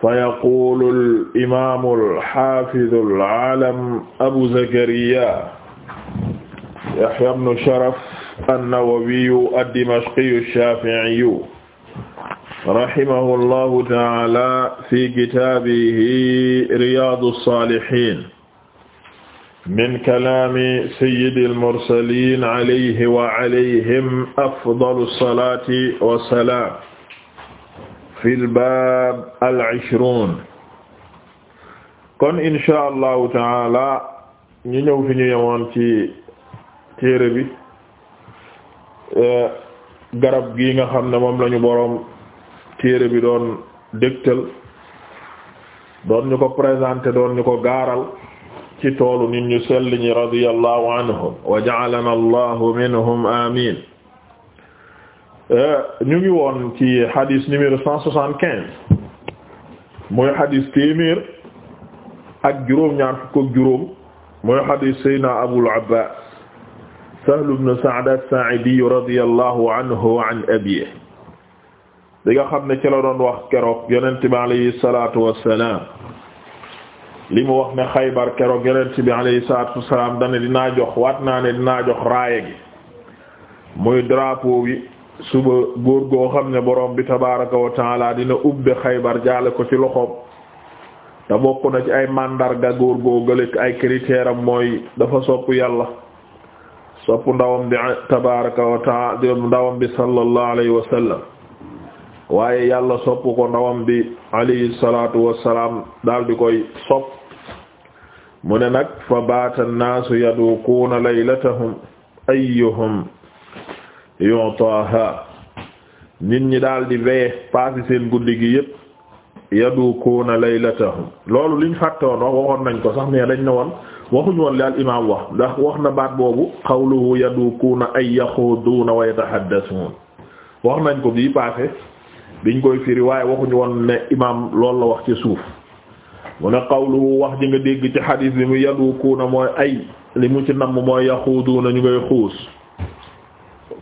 fa yaqulu al-imaamu al-haafizu al-alam abu zakariya yahya ibnu sharaf an-nawawiyu ad-dimashqiyu ash-shaafi'iyu rahimahu llahu ta'aala fi kitaabihi riyaadu s-saalihiin min kalaami sayyidi al-mursaliin alayhi wa alayhim afdalu s-salaati wa s-salaam fil baab al ishruun kon insha allahu taala ñu ñëw fi ñu yemoon ci téere bi e, garab gi nga xam ne moom lañu boroom téere bi doon dégtal doon ñu ko présenté doon ñu ko gaaral ci toolu nit ñu sell ñi radiyallahu anhum wa ja'alana allahu minhum amin Euh, ñu ngi woon ci hadith numéro cent soixante quinze mooy hadith téeméer ak juróom ñaar fukk ak juróom mooy hadith Seydina Abul Abbas Sahl ibn Sa'd as-Sa'idi radiyallahu anhu wa an abiihi di nga xam ne ci la doon wax keroog yonent bi alayhi salaatu li mu wax ne Xaybar keroog yonent bi alayhi salaatu wassalaam dana dinaa jox waat naa ne dinaa jox raaya gi muy drapeau bi suba góor goo xam ne borom bi tabaraka wa taala dina ubbe xaybar jaale ko ci loxoom te bokk na ci ay màndarga góor goo gëlëk ay critère mooy dafa sopp yàlla sopp ndawam bi tabaraka wa taala ndawam bi sallallahu alayhi wa sallam waaye yàlla sopp ko ndawam bi alayhi salatu salaam daal di koy sopp mu ne nag fa baata naasu yaduquuna laylatahum ayyuhum yutaaha nit ñi daal di weye paasi seen guddi gi yépp yadukuuna laylatahum loolu liñ fàtte woon wax waxoon nañ ko sax mais dañ ne woon waxuñ woon li al imaam wax ndax wax na baat boobu xaw lu yadu kuuna ay yaxuduuna wa yatahaddasuun wax nañ ko bii paase biñ koy firi waaye waxuñ woon ne imaam loolu la wax ci suuf mu ne qawluhu wax ji nga dégg ci xadiis bi mu kuuna mooy ay li mu ci namm mooy yaxuduuna ñu ngay xuus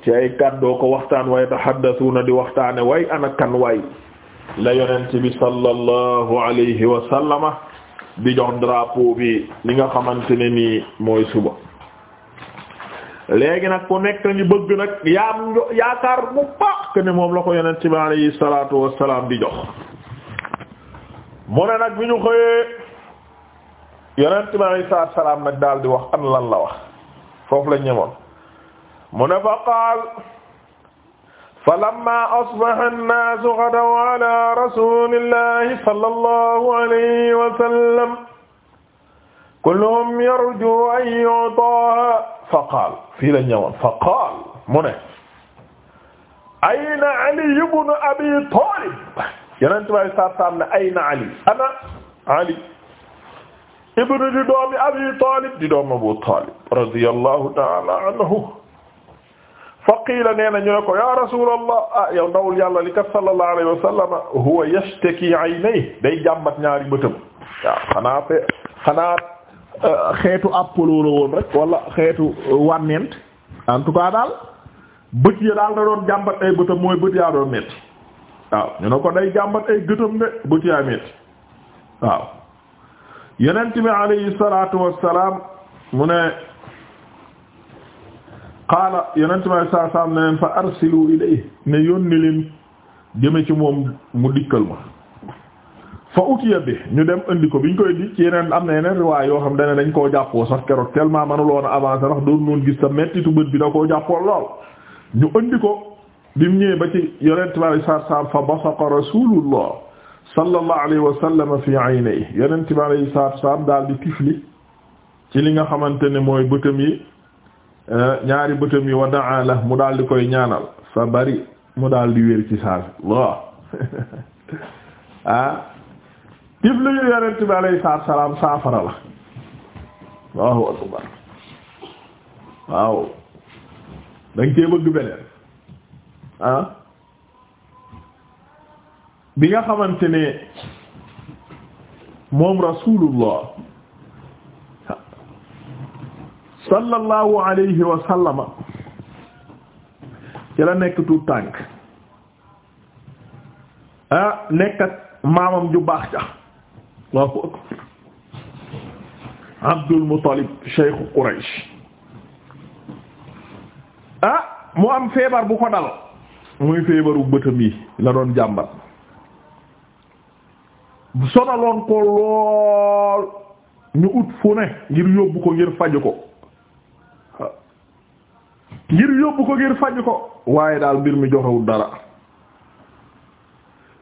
ci ay kàddoo ko waxtaan way taxaddasuuna di waxtaane way ana kan way la yonent bi sallallahu alayhi wa sallama di jox drapeau bi li nga xamante ne nii mooy suba léegi nag ku nekk ni bëgg nag yaa yaakaar bu baax ne moom la ko yonent bi alayhi salaatu wassalaam di jox mu ne nag bi ñu xëyee yonent bi alayhi salaam nag daal di wax an lan la wax foofu la ñemoon mu ne fa qaal falamma asbaha an-naasu ghadaw ala rasulillahi sallallahu alayhi wa sallam kulluhum yarju an yu'taha fa qaal fii la ñëwoon fa qaal mu ne ayna ali ibn abi talib yeneen tubaab yi saa saam ne ayna ali ana ali ibn di doomi abi talib di doomi abu talib radiyallahu ta'ala anhu qiila nee na ñu ne ko ya rasulallah ah yow ndawul yàlla li kat sallallahu alayhi wa huwa yashtaki aynay day jàmbat ñaari bëtam waaw xanaa euh, xeetu apollo la woon rek wala xeetu euh, wànnent en tout cas daal bët ya daal da doon jàmbat ay bëtam mooy bët doon metti waaw ñu ne ko day jàmbat ay gëtam de bët yaa metti waaw alayhi salaatu wassalaam mu ne qaala yonent may saa saam ne leen fa arsilu ilayhi ne yónni leen jëme ci moom mu dikkal ma fa utiya bi ñu dem indi ko biñ koy di ci yeneen am na yeneen riwaay yoo xam ne dañ koo jàppoo sax keroog tellement manuloon a avancer ndax doon noon gis ta mettitu bët bi da koo jàppoo lool ñu indi ko bi mu ñëwee ba ci yonent may saa saam fa basaqa rasulullah sallallahu alayhi wa sallam fi aynayhi yonent may saa daal di tifli ci li nga xamante ne mooy bëtam yi Eh, ñaari bëtam yi wa daa la mu dal di koy ñaanal fa bari mu daal di wér ci saasi la ah iblu yu yonent bi alayhi salaam saafara la Allahu akbar waaw danga cee bëgg beneen ah bi nga xamante ne moom rasulullah sallallahu alayhi wa sallama nekk tuut tànk ah nekk maamam ju baax ja waaw Abdul Muttalib cheikhu Quraysh mu am feebar bu ko dal muy feebaru bëtam yi la doon jàmbat sonaloon ko lool ñu ut fu ngir yóbbu ko ngir faju ko ngir yóbbu ko ngir faj ko waaye daal mbir mi joxewul dara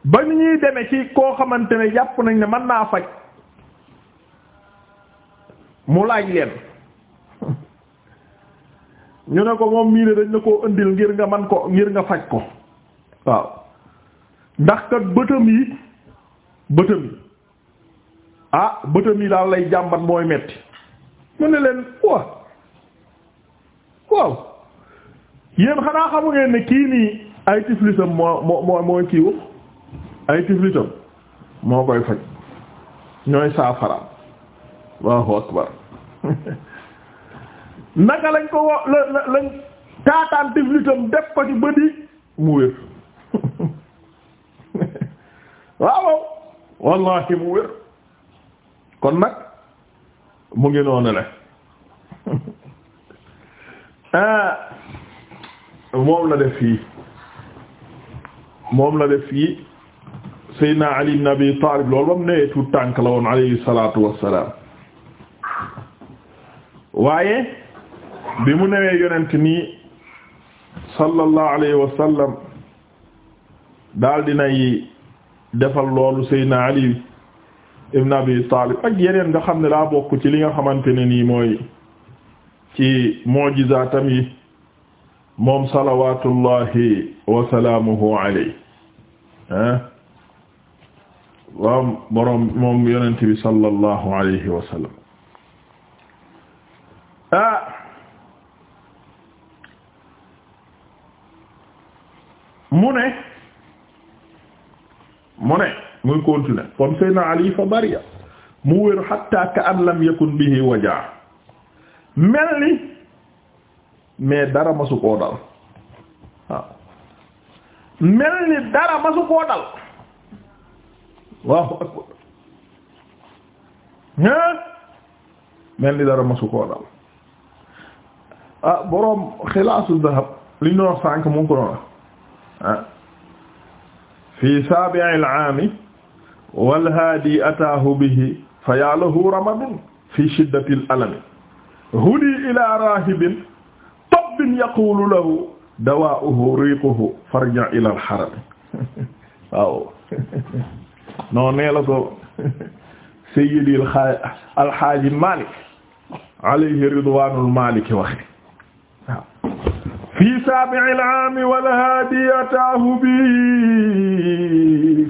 ba ñu ñuy deme ci koo xamante ne jàpp nañ ne man naa faj mu laaj leen ñu ne ko moom mii de dañ la koo indil ngir nga man ko ngir nga faj ko waaw ndax kat bëtam yi bëtam yi ah bëtam yi daal lay jàmbat mooy metti mu ne leen waaw waaw yéen xanaa xamu ngeen kii nii ay tiflisam moo moo mooy kiiwu ay tiflisam moo koy faj ñooy saafara Allahu akbar naka lañ ko wo la lañ taataan tiflisam def ko ci bët yi mu wér waaw wallahi mu wér kon nag mu ngi noonu le ah. moom la def fii moom la def fii Seydina Ali ibn Abi Talib loolu ba mu nee tout tànk la woon alayhi salaatu wassalaam waaye bi mu newee yonent nii sallallahu alayhi wa sallam daal dinay defal loolu Seydina Ali ibn Abi Talib ak yeneen nga xam ne daa bokk ci li nga xamante ne nii mooy ci mu'jizaatam yi moom salawatullahi wa salaamuhu alayhi eh? waaw boroom moom yonent bi sallallahu alayhi wa sallam ah mu ne mu ne muy continuer comme Seydina Ali fa bariya mu wér hatta ka an lam yakun bihi wajaa mel ni mais dara masu koo dal waaw mel ni dara masu koo dal waaw mel ni dara masu koo dal ah boroom xilaasu dahab li ñu wax sànq mu ngi ko doon ah fi sabi'il aami wal haadi ataahu bihi fa yaa lahu ramadun fi shiddatil alami hudi ila rahibin in yaqulu lahu dawaa'uhu riiquhu farji' ila al-harami waaw non nee la ko sayyidi alxaaji Malik alayhi ridwaanul Maliki wax waaw fii saabi'il aami wal haadi ataahu bi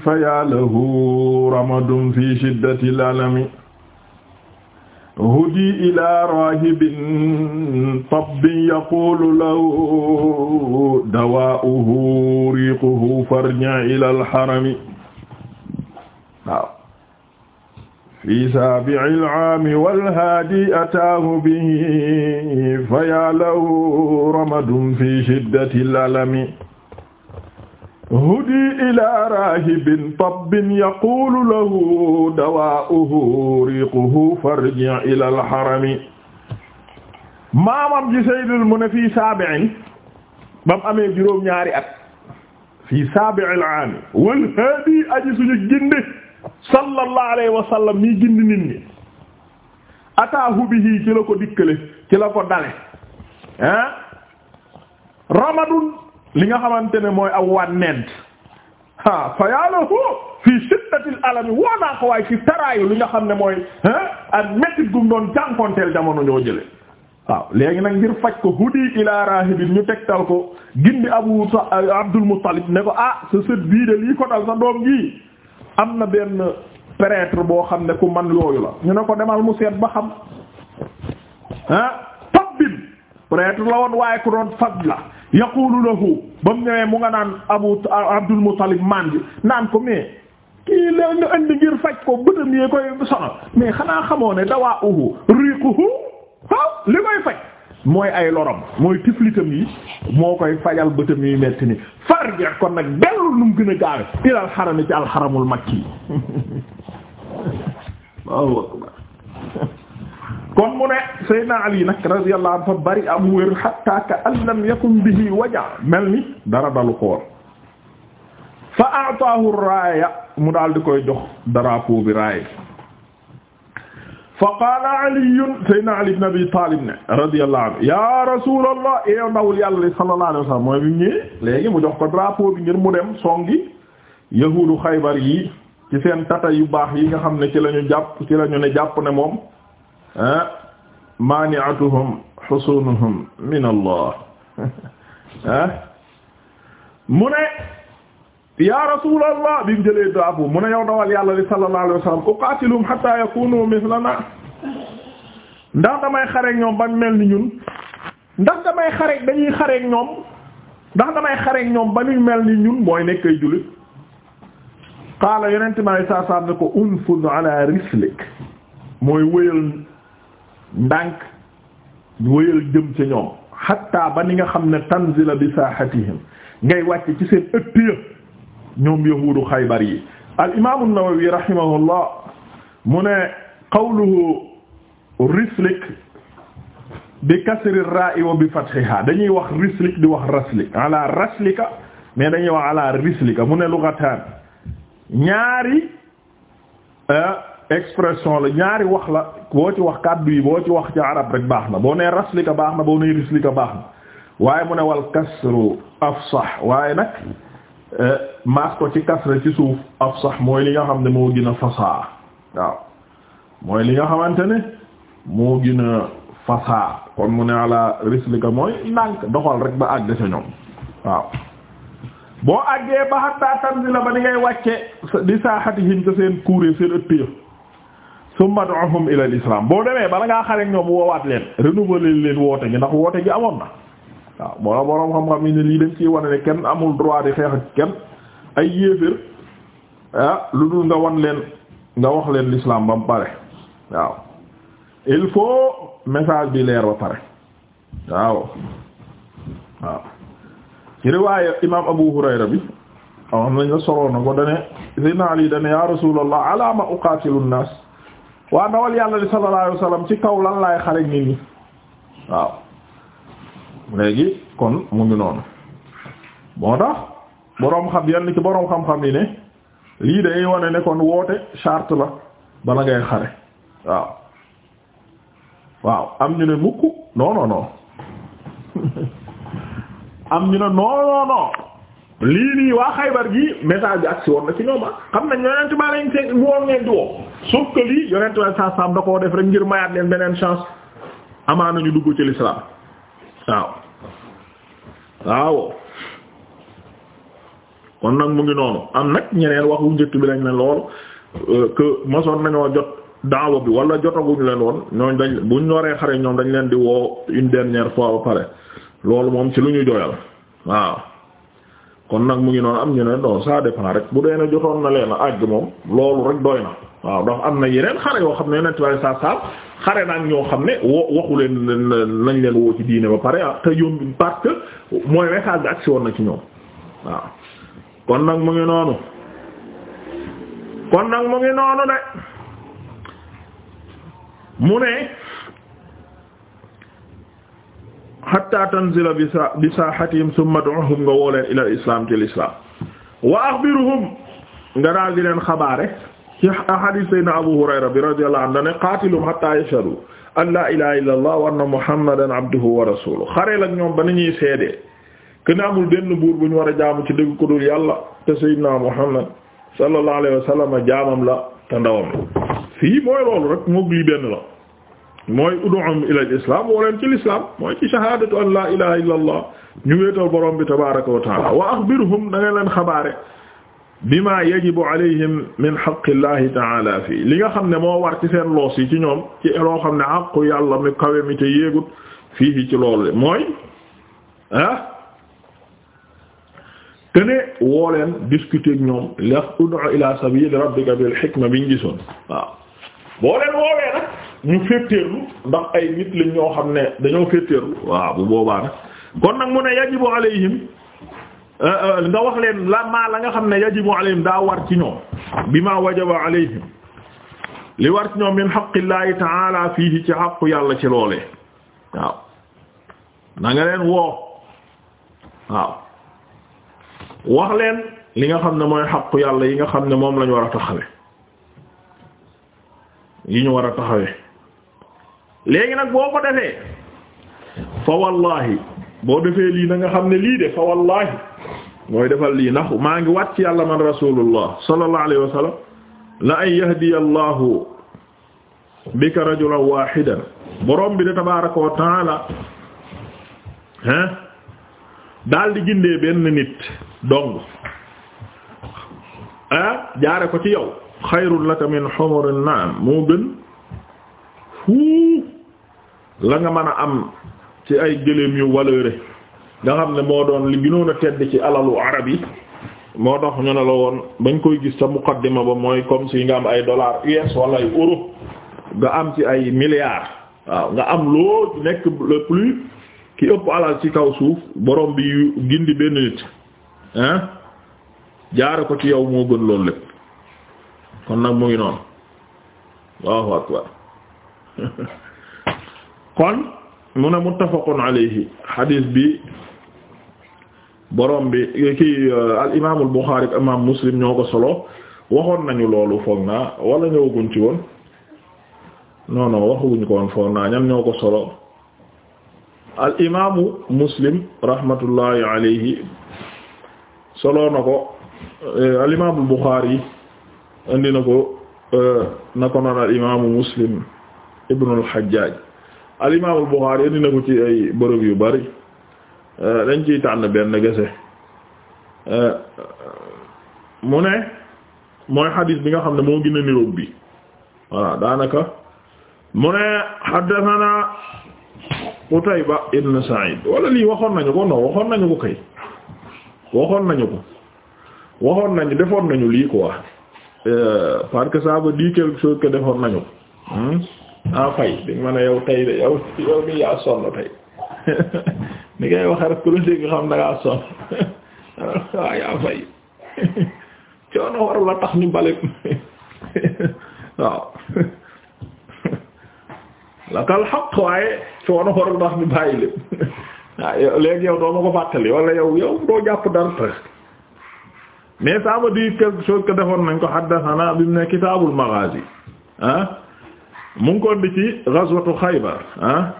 fa yaa lahu ramadun fi shiddatil alami hudi ila rahibin tabbin yaqulu lahu dawaa'uhu riiquhu farji' ila al-harami waaw fi saabi'il aami wal-haadi ataahu bihi fayaa lahu ramadun fi shiddatil alami hudi ila rahibin tabbin yaqulu lahu dawaa'uhu riquhu farji ila alxarami maamam ji saydul mu ne fii saabi'in bam amee juróom-ñaari at fii saabi'il aami wal haadi aji suñu gindi sallallahu alayhi wa sallam mii gindi nit ñi ataahu bihi ci la ko dikkale ci la ko dale ah ramadun li nga xamante ne mooy aw wànnent ah fa yaalahu fii shiddatil alami woo naa ko waaye ci taraayu li nga xam ne mooy ak métti gum doon jànkonteel jamono ñoo jële waaw léegi nag ngir faj ko hudi ila rahibin ñu tegtal ko gindi abu abdul muttalib ne ko ah sa sët bii de lii ko dal sa doom jii am na benn prêtre boo xam ne ku man yooyu la ñu ne ko demal mu seet ba xam ah fabbin prêtre la woon waaye ku doon fab la yaqulu lahu ba mu ñëwee mu nga naan abu abdul muttalib man bi naan ko mais kii la nga indi ngir faj ko bëtam yee koy sono mais xanaa xamoo ne dawaa uhu riquhu waaw li koy faj mooy ay lorom mooy tiflitam yi moo koy fajal bëtam yuy metti ni farje kon nag dellu nu mu gën a gaawe ilal xarami ci alxaramul makki waaw kon mu ne Seydina Ali nag radiyallahu anhu fa bari am wér hatta ka an lam yakun bihi waja mel ni dara dalu ko fa a'taahu raaya mu daal di koy jox drapeau bi raaya fa qaala aliyun Seydina Ali ibn Abi Taalib ne radiyallahu anhu ya rasuulallah yow e ndawul li sallallahu alayhi mooy bi ñëwee léegi mu jox ko drapeau bi ngir mu dem songi yahuudu Xaybar yi ci seen tata yu baax yi nga xam ne ci lañu ñu jàpp ci la ñu ne jàpp ne moom ah maani'atuhum husunuhum min Allah ah mu ne ya rasulallah bi mu jëlee daabu mu ne yow dawal yàlla li sallallahu alayhi wa sallam uqaatiluhum hatta yakunu mithlana ndax damay xareek ñoom bañ mel ni ñun ndax damay xareek dañuy xareek ñoom ndax damay xareek ñoom ba ñuy mel ni ñun mooy nekk ay jullit qaala yonente mi alei saa salaam ne ko unfud ala rislik mooy wéyal ndànk ñu wëyal jëm ca ñoom xatta ba ni nga xam ne tanzila bi saaxatihim ngay wàcc ci seen ëtt ya ñoom yahuudu xaybar yi al imaamu nawawi rahimahullah mu ne qawluhu rislik bi kasri ra'i wa bi fathiha dañuy wax rislik di wax raslik ala raslika mais dañuy wax ala rislika mu ne lughatan ñaari ah, expression la ñaari wax la boo ci wax kàddu yi boo ci wax ci arab rek baax na boo nee raslika baax na boo nee rislika baax na waaye mu ne wal kasru afsah waaye nag eh, maas ko ci kasra ci suuf afsah mooy li nga xam ne moo gën a fasaa waaw mooy li nga xamante ne moo gën a fasaa kon mu ne ala rislika mooy ndànk doxal rek ba àgg sa ñoom waaw boo àggee ba xattaa tanzila ba ni ngay wàcce di saaxati him ca seen kuuree seen ëtt summa du'uhum ila al-islam boo demee bala ngaa xare ñoom woowaat leen renouveler leen woote gi ndax woote gi amoon na waaw moo boroom xam-xam yi ne lii dañ ciy wane ne kenn amul droit di xeex ak kenn ay yéefér ah, lu dul nga wan leen nga wax leen l'islam ba mu pare waaw il faut message bi leer ba pare waaw waaw ci riwaaya imam Abu Hurayra bi wax nañ la soloon na ko dane Seydina Ali dane ya Rasulullah ala ma uqatilu an waa ndawal yàlla li sallallahu alayhi wasallam ci kaw lan laay xale nit ñi waaw léegi kon mu ngi noonu moo tax boroom xam yenn ci boroom xam-xam yi ne lii day wane ne kon woote charte la bala ngay xare waaw waaw am ñu ne mukk non non am ñu ne non non lii nii waa Xaybar gi message bi agsi won na ci ñoom ah. xam nañ ñoo leen tubaab lañ seen woon ngeen di woo. sauf que lii yonent waaye saa saam da koo def rek ngir mayaat leen beneen chance amaana ñu dugg ci lislaam waaw waaw kon nag mu ngi noonu am nag ñeneen waxu njëkk bi lañ ne lool euh, que mosoon nañoo jot daawo bi wala jotaguñu leen woon ñooñ dañ buñ waree xare ñoom dañ leen di woo une dernière fois ba pare loolu moom ci lu ñu jooyal waaw kon nag mu ngi noonu am ñu ne non ça dépend rek bu dee ne jotoon na leen a àgg moom loolu rek doy na waaw ndax am na yeneen xare yoo xam ne yeneen tubaab saa saal xare nag ñoo xam ne wo waxu leen nañ leen woo ci diine ba pare ah te yomb parce que mooy woon na ci ñoom waaw kon nag mu ngi noonu kon nag mu ngi noonu de mu ne. hatta tanzila bi saahatihim thumma ad'uhum nga woo leen ila islam ci l'islam wa akhbirhum nga daal di leen xabaare ci hadith sayyidina Abu Hurayra bi radiyallahu anhu ne qaatiluhum hatta yashhadu an la ilaha illa allah wa anna muhammadan abduhu wa rasuluhu xareel ak ñoom ba ni ñuy seede kenn amul benn buur bu ñu war a jaamu ci dëgg ku dul yàlla te sayyidina muhammad sallallahu alayhi wa sallam jaamam la te ndawam la fii mooy loolu rek moog lii benn la. mooy ud'um ila al-islam woo leen ci l'islam mooy ci shahadatu an la ilaha illa allah ñu wéetal borom bi tabaraka wa taala wa axbirhum da nga leen xabaare bima yajibu alayhim min haqqillahi taala fii li nga xam ne moo war ci seen loos ci ñoom ci loo xam ne àqu yàlla mi kawe mi te yéegut fii ci loolu mooy ah tene woo leen discuter ak ñoom la ud'u ila sabili rabbika bil hikma biñ gisoon boo leen woowee nag ñu féeteerlu ndax ay nit lañ ñoo xam ne dañoo féeteerlu waaw bu boobaa nag kon nag mu ne yajibu alayhim nga wax leen la maa la nga xam ne yajibu alayhim daa war ci ñoom bima wajaba alayhim li war ci ñoom min haqqillahi ta'ala fii ci xaqu yàlla ci loolee waaw na nga leen woo waaw wax leen li nga xam ne mooy xaq yàlla yi nga xam ne moom lañu war a taxawe yi ñu war a taxawee léegi nag boo ko defee fa wallahi boo defee lii na nga xam ne lii de fa wallahi mooy defal lii nax maa ngi wàcc yàlla man rasulullah sallallahu alayhi wa sallam la an yahdiya allahu bika rajulan wahidan boroom bi de tabaraka wa taala hein daal di gindee benn nit dong ah jaare ko ci yow xayrun laka min humurin na'am moo gën fuu la nga mën a am ci ay gëléem yu waleure nga xam ne moo doon li gënoon a tedd ci alalu arab yi moo tax ñu ne la woon bañ koy gis sa muqaddima ba mooy comme si nga am ay dollars US wala ay euro nga am ci ay milliards waaw nga am loo nekk le plus ki ëpp alal ci kaw suuf borom bi gindi benn nit jaare ko ci yow moo gën loolu lépp kon nag mu ngi noonu akbar kon mu ne muttafaqun alayhi hadith bi borom bi kii al imaamul Buxaari ak imaam Muslim ñoo ko solo waxoon nañu loolu foog naa wala ñëwaguñ ci woon non non waxuguñ ko naa ñan ñoo ko solo al imaamu Muslim rahmatullahi alayhi solo na ko eh, al imaamul Buxaari indi na ko euh, na ko noon al imaamu muslim ibnul hajjaaj al imaamul buxaari indi na ko ci ay bërëb yu bari euh, dañ ciy tànn benn gese euh, mu ne mooy xadiis bi nga xam ne moo gën a niroog bi voilà daanaka mu ne xaddathana Qutayba ibn Sa'id wala lii waxoon nañu ko non waxoon nañu ko kay waxoon nañu ko waxoon nañu defoon nañu lii quoi Euh, parce que ça veut dire defoon nañu en hmm? ah, fay di nga mën a yow tay de yow yow mi yaa sonn tey ni ngay waxe rek ku la dégg xam da ngaa sonn waaw ah, yaa fay coono waru la tax ni bale waaw lakal xaq waaye coono waru la tax ni bàyyi ah, léegi yow doo ma ko fàttali wala yow yow doo jàpp dara presque mais ça veut dire quelque chose que defoon nañ ko haddathana bi mu ne kitaabul maghaazi ah mu ngi ko indi ci ghazwatu Xaybar ah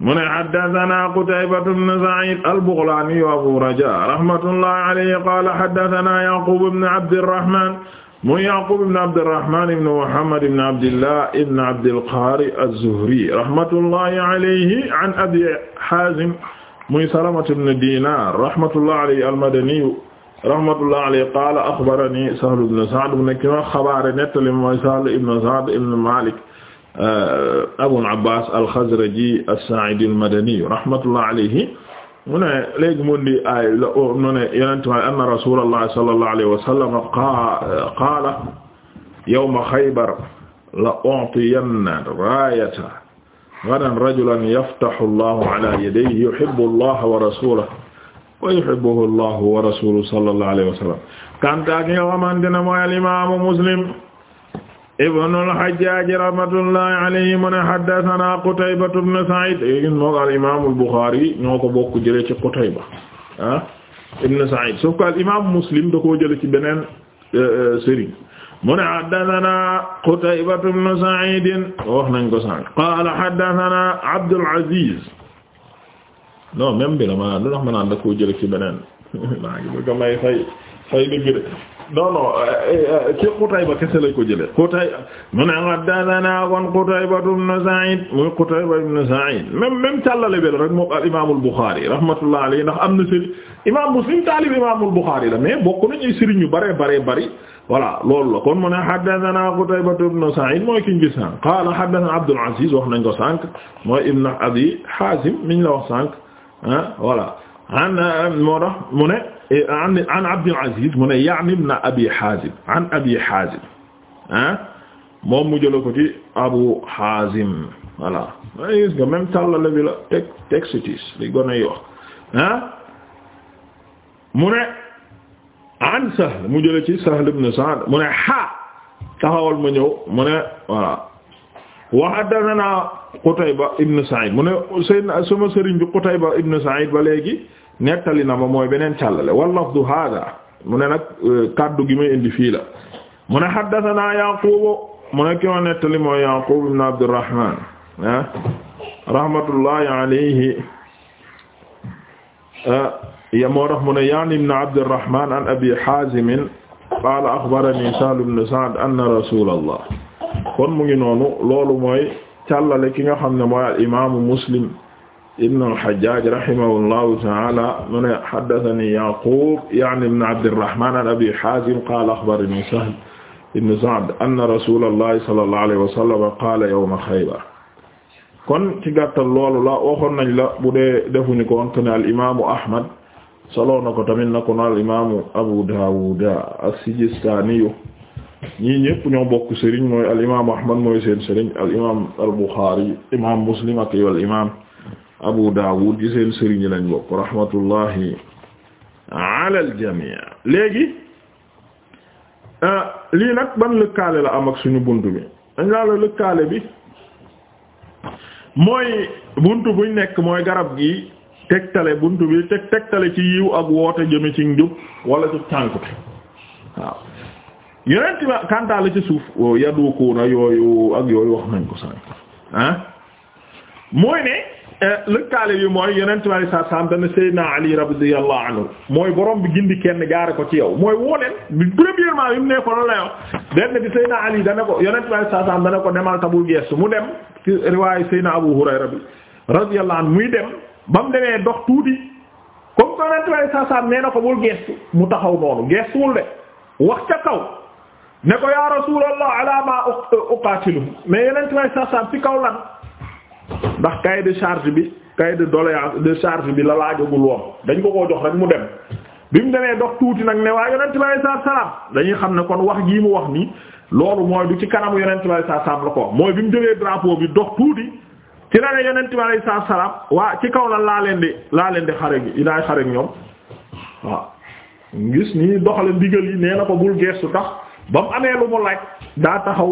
mu ne haddathana Qutaybatu ibn Sa'id al-Baghlani wa Abu Rajaa rahmatullahi alayhi qaala haddathana Yaqub ibn Abdirrahman mu Yaqub ibn Abdirrahman ibn Muhammad ibn Abdillah ibn Abdil Qaari az-Zuhri rahmatullahi alayhi an Abi Haazim muy Salamatu ibn Dinar rahmatullahi alayhi al-Madani rahmatullah alayhi qaala axbarani Sahl ibn Sa'd mu nekk ma xabaare nettali mooy Sahl ibn Sa'd ibn Malik euh, Abul Abbaas al-Xazraji as-Saa'idi al-Madani rahmatullah alayhi mu ne léegi mu di ay mu ne yonent ma anna Rasuulullah sallallahu alayhi wa sallam qaala yawma Xaybar la u'tiyanna raayata ghadan rajulan yaftahu Allahu ala yadayhi yuhibbu Allaha wa rasuulahu wa yuhibbuhu allahu wa rasuluhu sallallahu alayhi wa sallam kanta ki nga xamante ne mooy al imaamu muslim ibnu al-hajjaj rahmatullahi alayhi mu ne haddathana qutaybatu ibn sa'id gis eh, moo ko al imaamu al-bukhari ñoo ko bokk jële ci qutayba ah ibn sa'id sauf que al imaamu muslim da koo jële ci beneen eh, eh, sëriñ mu ne haddathana qutaybatu ibn sa'id wax nañ ko sànq qaala haddathana abdul aziz non même bi la ma lu tax koo jële ci beneen maa ngi bëgg a may say say dëgg de non non eh, eh, ci Qutayba kese lañ ko jële Qutay mu ne haddathana kon Qutayba ibn Sa'id muy Qutayba ibn Sa'id même même càllale bi la rek moom al imaamul Bukhari rahmatullah alayhi ndax am na sëriñ imam Muslim taalib imaamul Bukhari la mais bokk nañuy sëriñ yu bare bare bari voilà loolu la kon mu ne haddathana Qutayba ibn Sa'id mooy ki ñu gis sànq qaala haddathana Abdul Aziz wax nañ ko sànq mooy ibn Abi Hazim miñ la wax sànq voilà an euh, moo tax mu ne an an Abdul Aziz mu ne yaani ibn Abi Hazim an Abi Hazim ah moom mu jëla ko ci Abu Hazim voilà ay gis nga même tàllale bi la teg textitis li gone yi wax ah mu ne an Sahl mu jëla ci Sahl ibn Sa'd mu ne ha taxawal ma ñëw mu ne voilà wa haddathana Qutayba ibn Sa'id mu ne Seydina sama sëriñ bi Qutayba ibn Sa'id ba léegi nettali na ma mooy beneen càllale wa lafdu hada mu ne nag euh, kaddu gi may indi fii la mu ne haddathana Yaqub mu ne ki ma nettali mooy Yaqub ibn Abdurrahman ah rahmatullahi alayhi ah, ya moo tax mu ne yaani ibn Abdurrahman an Abi Hazim qala akhbarani Sahl ibn Sa'd anna Rasulullah kon mu ngi noonu loolu mooy càllale ki nga xam ne mooy al muslim ibn al-Hajjaj rahimahullahu ta'ala mu ne haddathani Yaqub ya'ni ibn Abdirrahman an Abi Hazim qala akhbarani Sahl ibn Sa'd anna rasulallahi sallallahu alayhi wa sallam qala yawma Khaybar kon ci gàttal loolu la waxoon nañ la bu dee defuñu ko woon que ne al imaamu na ko tamit na al imaamu ñii ñëpp ñoo bokk sëriñ mooy al imaam Ahmad mooy seen sëriñ al imaam imaam Muslim ak yow al Abu Dawud ci seen sëriñ lañ bokk rahmatullahi ala jamii léegi ah, lii nag ban lëkkaale la am ak suñu bunt bi dañ laa la lëkkaale bi mooy bunt buñ nekk mooy garab gi tegtale bunt bi teg tegtale ci yiw ak woote jëme ci njub wala ci tànkute waaw yonent ma kantaa la ci suuf yadu kuuna yooyu ak yooyu wax nañ ko sànq ah mooy ne e, lëkkaale bi mooy yonent ma saa saam dana Seydina Ali radiyallahu anhu mooy borom bi gindi kenn gaare ko ci yow mooy woo leen bi premièrement bi mu ne ko la la benn bi Seydina Ali dana ko yonent ma saa saam dana ko demal tabul geestu mu dem ci riwaayu Seydina Abu Hurayra bi radiyallahu anhu muy dem ba mu demee dox tuuti comme que saa mu taxaw noonu geestuwul de wax ne ko yaa rasuulallah ala ma uqaatilu mais yeneen way sasam ci kaw lan ndax cahier de charge bi cahier de doléance de charge bi la laajagul woon dañ ko ko jox rek mu dem bi mu demee dox tuuti nag ne waaye yonent bi alayhi salaatu dañuy xam ne kon wax jii mu wax nii loolu mooy du ci kanamu yonent bi alayhi salaatu salaam la ko mooy bi mu jógee drapeau bi dox tuuti ci la ne yonent bi alayhi salaatu waa ci kaw lan laa leen di laa leen di xare gi inaay xare ñoom waaw gis nii doxale ndigal yi nee na ko bul geestu ba mu amee lu mu laaj daa taxaw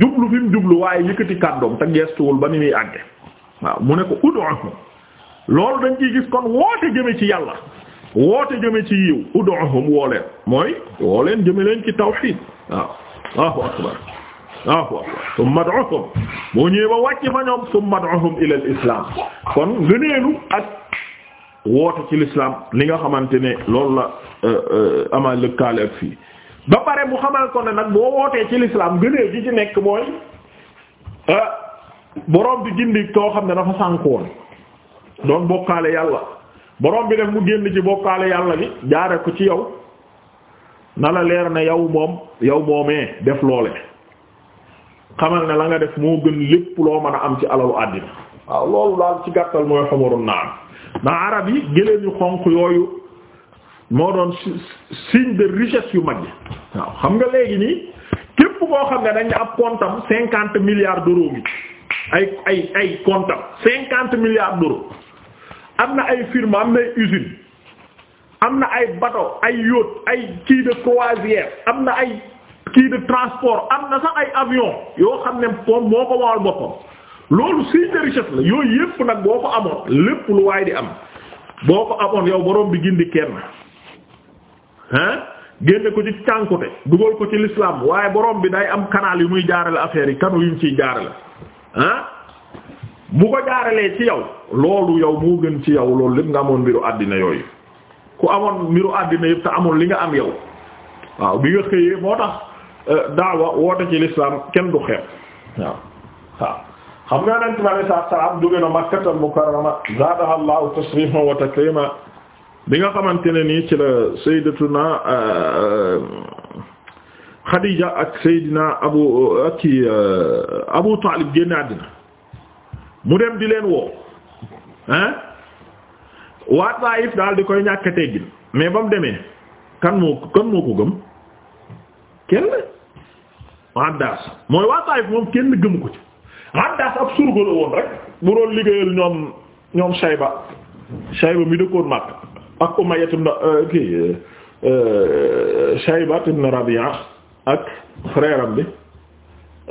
jublu fi mu jublu waaye yëkkati kàddoom te geestuwul ba ni muy àgge waaw mu ne ko ud'uhu loolu dañ ciy gis kon woote jëme ci yàlla woote jëme ci yiw ud'uhum woo leen mooy woo leen jëme leen ci tawxiid waaw Allahu akbar Allahu akbar summa ud'uhum boo ñëwee ba wàcc fa ñoom summa ud'uhum ila al kon ngëneelu ak woote ci l'islam li nga xamante ne loolu la euh, euh, amal lëkkaale ak fii ba pare mu xamal ko ne nag boo wootee ci l'islam gënee gi ci nekk mooy ah, borom bi gindi koo xam ne dafa sànkoon doon bokkaale yàlla borom bi def mu génn ci bokkaale yàlla bi jaare ko ci yow na la leer na yow moom yow moomee def loole xamal ne la nga def moo gën lépp loo mën a am ci alalu àddina waaw loolu daal ci gàttal mooy xamarul naan ndax arab yi gëléen xonq yooyu moo doon signe de richesse yu mag yi waaw xam nga léegi nii képp koo xam ne dañ ab contam cinquante milliards d'euros bi ay ay ay comptam cinquante milliards d'euros am na ay firme am na ay usine am na ay bateau ay yacht ay quai de croisière am na ay kii de transport am na sax ay avion yoo xam ne moom moo ko waral boppam loolu signe de richesse la yooyu yépp nag boo ko amoon lépp lu waay di am boo ko amoon yow borom bi gindi kenn hein génne ko ci cànkute dugal ko ci l'islam waaye borom bi day am canal yu muy jaarale affaire yi kanu yu mu ciy jaarale ah bu ko jaaralee ci yow loolu yow moo gën ci yow loolu lépp nga amoon mbiru àddina yooyu ku amoon mbiru àddina yëpp te amul li nga am yow waaw bi nga xëyee moo tax euh, daawa woote ci l'islam kenn du xeeb waaw xam nga nent bi alei salatua salam jóge na Makkatul Mukarrama zaadaha Allahu tashrifan wa takrima bi nga xamante ne nii ci la sayyidatuna euh, Khadija ak Seydina Abu ak euh, Abu Talib génn àddina mu dem di leen woo ah waa Taif daal di koy ñàkk teggin mais ba mu demee kan moo kan moo ko gëm kenn Addas mooy waa Taif moom kenn gëmu ko ci Addas ab surga la woon rek bu doon liggéeyal ñoom ñoom Shayba Shayba mi dëkkoon Makka ak Umayyah ibn euh, kii euh, Shaybat ibn Rabi'a ak frère am bi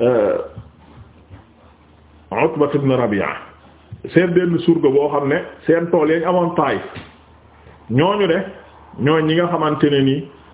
euh, Utba ibn Rabi'a seen benn surga boo xam ne seen tool yañ amoon Taayif ñooñu de ñooñ ñi nga xamante ne nii